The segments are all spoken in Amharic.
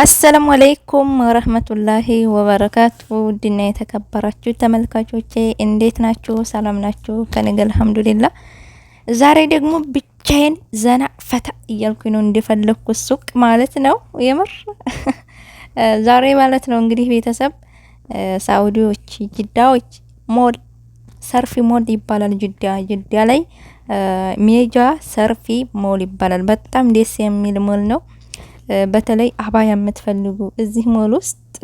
አሰላሙ አለይኩም ወረህመቱላሂ ወበረካቱ። ውድና የተከበራችሁ ተመልካቾቼ እንዴት ናችሁ? ሰላም ናችሁ? ከነገ አልሐምዱሊላ። ዛሬ ደግሞ ብቻዬን ዘና ፈታ እያልኩ ነው እንደፈለግኩት ሱቅ ማለት ነው። የምር ዛሬ ማለት ነው እንግዲህ ቤተሰብ ሳኡዲዎች፣ ጅዳዎች ሞል ሰርፊ ሞል ይባላል። ጅዳ ጅዳ ላይ ሜጃ ሰርፊ ሞል ይባላል። በጣም ደስ የሚል ሞል ነው። በተለይ አባያ የምትፈልጉ እዚህ ሞል ውስጥ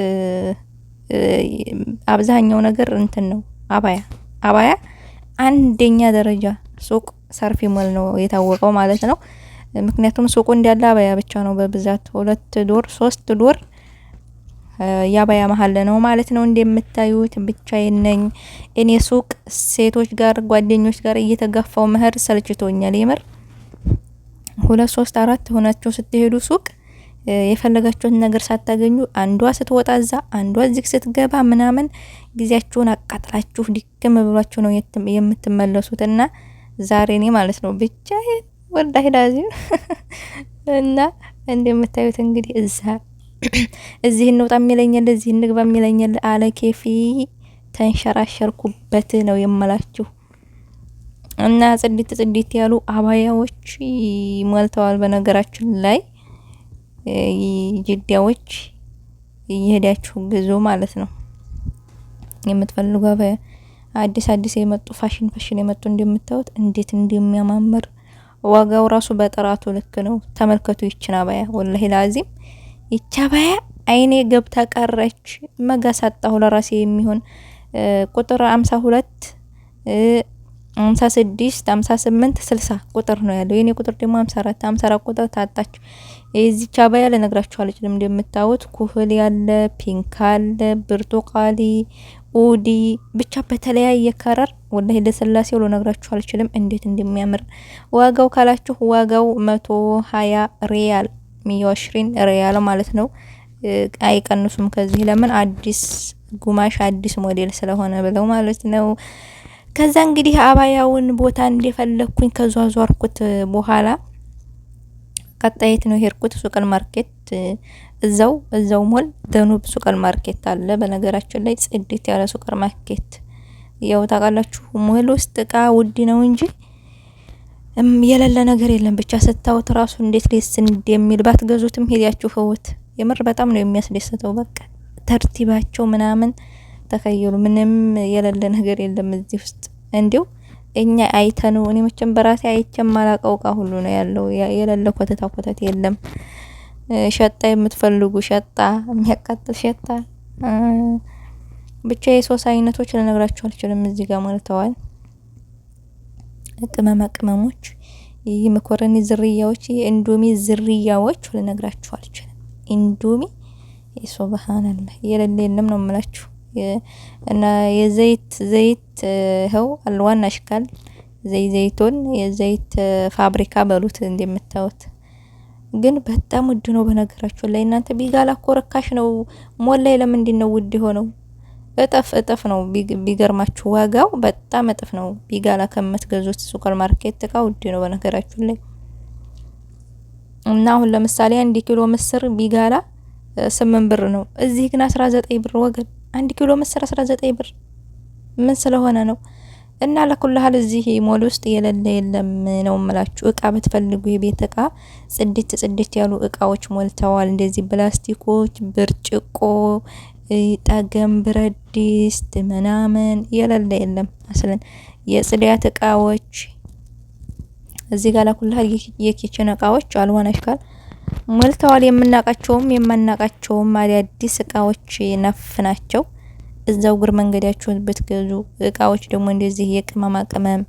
አብዛኛው ነገር እንትን ነው። አባያ አባያ አንደኛ ደረጃ ሱቅ ሰርፊ ሞል ነው የታወቀው ማለት ነው። ምክንያቱም ሱቁ እንዳለ አባያ ብቻ ነው በብዛት ሁለት ዶር ሶስት ዶር የአባያ መሀል ነው ማለት ነው። እንደምታዩት ብቻዬን ነኝ እኔ ሱቅ ሴቶች ጋር ጓደኞች ጋር እየተጋፋው መሄድ ሰልችቶኛል። የምር ሁለት ሶስት አራት ሆናችሁ ስትሄዱ ሱቅ የፈለጋችሁን ነገር ሳታገኙ አንዷ ስትወጣ እዛ አንዷ እዚህ ስትገባ ምናምን ጊዜያችሁን አቃጥላችሁ ድክም ብሏችሁ ነው የምትመለሱት። እና ዛሬ እኔ ማለት ነው ብቻ ወርዳ ሄዳ እና እንደምታዩት እንግዲህ እዛ እዚህ እንውጣ የሚለኛል እዚህ እንግባ የሚለኛል አለ ኬፊ ተንሸራሸርኩበት ነው የምላችሁ። እና ጽድት ጽድት ያሉ አባያዎች ሞልተዋል በነገራችን ላይ ጅዳዎች እየሄዳችሁ ግዙ ማለት ነው። የምትፈልጉ አዲስ አዲስ የመጡ ፋሽን ፋሽን የመጡ እንደምታዩት እንዴት እንደሚያማምር ዋጋው ራሱ በጥራቱ ልክ ነው። ተመልከቱ ይችን አባያ ወላሂ ላዚም ይቻ አባያ አይኔ ገብታ ቀረች። መጋሳጣሁ ለራሴ የሚሆን ቁጥር አምሳ ሁለት ሀምሳ ስድስት ሀምሳ ቁጥር ነው ያለው። የኔ ቁጥር ደግሞ 54 54 ቁጥር ታጣችሁ። የዚች አባያ ልነግራችሁ አልችልም። እንደምታዩት ኩፍል ያለ ፒንክ አለ ብርቱቃሊ ኡዲ ብቻ በተለያየ ከረር ሄደ ስላሴ ብሎ ነግራችሁ አልችልም፣ እንዴት እንደሚያምር ዋጋው ካላችሁ ዋጋው 120 ሪያል 120 ሪያል ማለት ነው። አይቀንሱም ከዚህ ለምን አዲስ ጉማሽ አዲስ ሞዴል ስለሆነ ብለው ማለት ነው። ከዛ እንግዲህ አባያውን ቦታ እንደፈለግኩኝ ከዟዟርኩት በኋላ ቀጣይት ነው ሄድኩት ሱቀል ማርኬት እዛው እዛው ሞል ደኑብ ሱቀል ማርኬት አለ። በነገራችን ላይ ጽድት ያለ ሱቀል ማርኬት ያው ታውቃላችሁ፣ ሞል ውስጥ እቃ ውድ ነው እንጂ የሌለ ነገር የለም። ብቻ ስታውት ራሱ እንዴት ደስ እንደሚል ባትገዙትም ሄዳችሁ ህይወት የምር በጣም ነው የሚያስደስተው። በቃ ተርቲባቸው ምናምን ተከየሉ ምንም የሌለ ነገር የለም እዚህ ውስጥ እንዲሁ እኛ አይተነው እኔ መቼም በራሴ አይቼም አላቀው እቃ ሁሉ ነው ያለው። የሌለ ኮተታ ኮተት የለም። ሸጣ የምትፈልጉ ሸጣ፣ የሚያቃጥል ሸጣ፣ ብቻ የሶስ አይነቶች ልነግራችሁ አልችልም። እዚህ ጋር ሞልተዋል። ቅመማ ቅመሞች፣ የመኮረኒ ዝርያዎች፣ የኢንዶሚ ዝርያዎች ልነግራችሁ አልችልም። ኢንዶሚ ሱብሃንአላህ የሌለ የለም ነው የምላችሁ። እና የዘይት ዘይት ይኸው አልዋን አሽካል ዘይ ዘይቱን የዘይት ፋብሪካ በሉት እንደምታዩት ግን በጣም ውድ ነው። በነገራችሁ ላይ እናንተ ቢጋላ እኮ ርካሽ ነው። ሞል ላይ ለምንድን ነው ውድ የሆነው? እጥፍ እጥፍ ነው ቢገርማችሁ፣ ዋጋው በጣም እጥፍ ነው። ቢጋላ ከምትገዙት ሱፐር ማርኬት እቃ ውድ ነው በነገራችሁ ላይ እና አሁን ለምሳሌ አንድ ኪሎ ምስር ቢጋላ ስምንት ብር ነው። እዚህ ግን አስራ ዘጠኝ ብር ወገን አንድ ኪሎ ምስር 19 ብር ምን ስለሆነ ነው? እና ለኩልሃል እዚህ ሞል ውስጥ የሌለ የለም ነው የምላችሁ። እቃ ብትፈልጉ የቤት እቃ ጽድት ጽድት ያሉ እቃዎች ሞልተዋል። እንደዚህ ፕላስቲኮች፣ ብርጭቆ፣ ጠገም፣ ብረት ድስት ምናምን የሌለ የለም። አስለን የጽዳት እቃዎች እዚህ ጋር ለኩልሃል የኪችን እቃዎች አልዋን አሽካል ሞልተዋል። የምናውቃቸውም የማናውቃቸውም አዳዲስ እቃዎች ነፍ ናቸው። እዛው እግር መንገዳቸውን ብትገዙ እቃዎች ደግሞ እንደዚህ የቅመማ ቅመም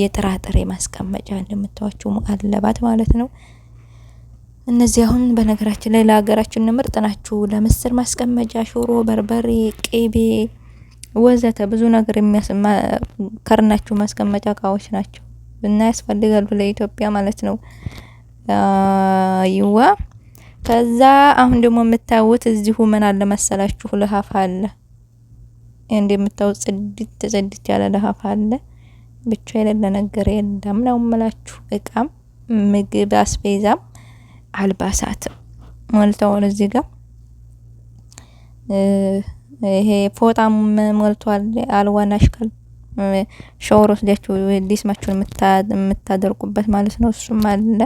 የጥራጥሬ ማስቀመጫ እንደምታዋቸው አለባት ማለት ነው። እነዚህ አሁን በነገራችን ላይ ለሀገራችን ምርጥ ናችሁ። ለምስር ማስቀመጫ ሽሮ፣ በርበሬ፣ ቅቤ ወዘተ ብዙ ነገር ከርናችሁ ማስቀመጫ እቃዎች ናቸው እና ያስፈልጋሉ ለኢትዮጵያ ማለት ነው። አይዋ ከዛ አሁን ደግሞ የምታዩት እዚሁ ምን አለ መሰላችሁ ልሀፍ አለ። እንደምታዩት ጽድት ጽድት ያለ ልሀፍ አለ። ብቻ የሌለ ነገር የለም ነው የምላችሁ። እቃም ምግብ አስቤዛም አልባሳትም ሞልተዋል። እዚህ ጋር ይሄ ፎጣም ሞልቷል። አልዋን አሽከል ሻወር ወስዳችሁ ዲስማችሁን የምታደርቁበት ማለት ነው። እሱም አለ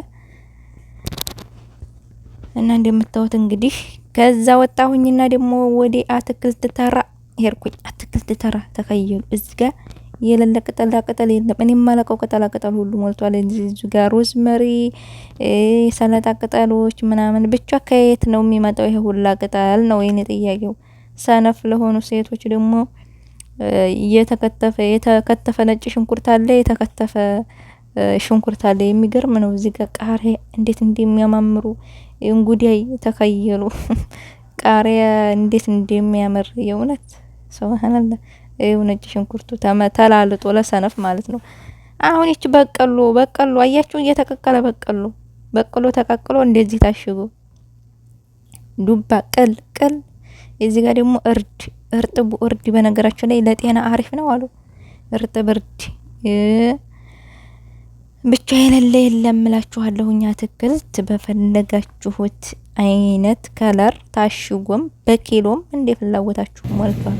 እና እንደምታዩት እንግዲህ ከዛ ወጣሁኝና ደግሞ ወደ አትክልት ተራ ሄድኩኝ። አትክልት ተራ ተከየሉ እዚህ ጋር የሌለ ቅጠላ ቅጠል የለም። እኔ የማለቀው ቅጠላ ሁሉ ሞልቷል። እዚህ ጋር ሮዝመሪ፣ ሰላጣ ቅጠሎች ምናምን ብቻ ከየት ነው የሚመጣው ይሄ ሁላ ቅጠል ነው የኔ ጥያቄው። ሰነፍ ለሆኑ ሴቶች ደግሞ የተከተፈ የተከተፈ ነጭ ሽንኩርት አለ የተከተፈ ሽንኩርት አለ። የሚገርም ነው። እዚህ ጋር ቃሪያ እንዴት እንደሚያማምሩ እንጉዳይ ተከየሉ። ቃሪያ እንዴት እንደሚያምር የእውነት ሱብሃንአላህ። ይኸው ነጭ ሽንኩርቱ ተላልጦ ለሰነፍ ማለት ነው። አሁን ይች በቀሎ በቀሎ አያችሁ፣ እየተቀቀለ በቀሎ በቀሎ ተቀቅሎ እንደዚህ ታሽጎ ዱባ ቅል ቅል። እዚህ ጋር ደግሞ እርድ እርጥቡ እርድ በነገራችሁ ላይ ለጤና አሪፍ ነው አሉ። እርጥብ እርድ ብቻ የሌለ የለም እላችኋለሁኝ። አትክልት በፈለጋችሁት አይነት ከለር ታሽጎም በኪሎም እንደ ፍላጎታችሁ ሞልቷል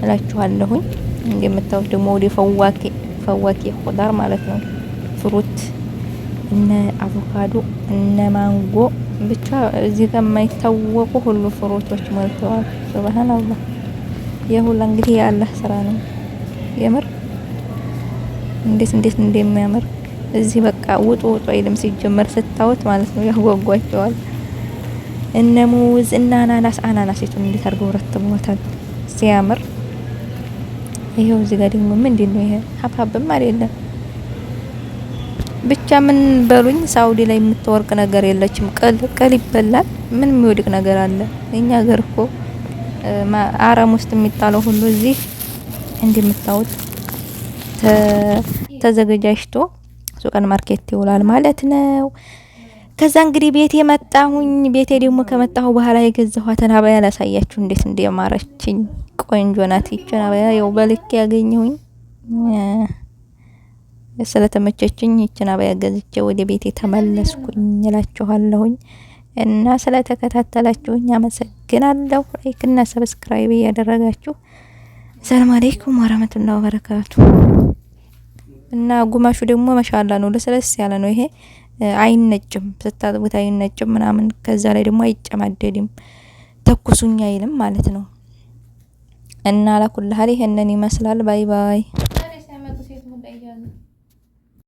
እላችኋለሁኝ። እንደምታዩት ደግሞ ወደ ፈዋኬ ፈዋኬ ኹዳር ማለት ነው ፍሩት እነ አቮካዶ እነ ማንጎ ብቻ እዚህ ጋር የማይታወቁ ሁሉ ፍሩቶች ሞልተዋል። ሱብሃንአላህ የሁላ እንግዲህ የአላህ ስራ ነው የምር እንዴት እንዴት እንደሚያምር እዚህ በቃ ውጡ ውጡ አይልም። ሲጀመር ስታወት ማለት ነው ያጓጓቸዋል። እነ ሙዝ እና አናናስ አናናስ የቱን እንዴት አድርገው ረትበውታል ሲያምር። ይሄው እዚህ ጋር ደግሞ ምንድን ነው ይሄ? ሀብሀብም አይደለም ብቻ ምን በሉኝ፣ ሳውዲ ላይ የምትወርቅ ነገር የለችም። ቅል ቅል ይበላል። ምን የሚወድቅ ነገር አለ? እኛ ሀገር እኮ አረም ውስጥ የሚጣለው ሁሉ እዚህ እንደምታወት ተዘገጃጅቶ ሱቀን ማርኬት ይውላል ማለት ነው። ከዛ እንግዲህ ቤቴ መጣሁኝ። ቤቴ ደግሞ ከመጣሁ በኋላ የገዛኋትን አበያ ላሳያችሁ እንዴት እንደማረችኝ። ቆንጆ ናት። ይችን አበያ ያው በልክ ያገኘሁኝ ስለተመቸችኝ ይችን አበያ ገዝቼ ወደ ቤቴ ተመለስኩኝ እላችኋለሁኝ። እና ስለተከታተላችሁኝ አመሰግናለሁ። ላይክ እና ሰብስክራይብ እያደረጋችሁ ሰላም አለይኩም ወራህመቱላሂ ወበረካቱሁ። እና ጉማሹ ደግሞ መሻላ ነው፣ ለስለስ ያለ ነው። ይሄ አይነጭም፣ ስታጥቡት አይነጭም ምናምን። ከዛ ላይ ደግሞ አይጨማደድም፣ ተኩሱኝ አይልም ማለት ነው። እና ላኩልሃል ይሄንን ይመስላል። ባይ ባይ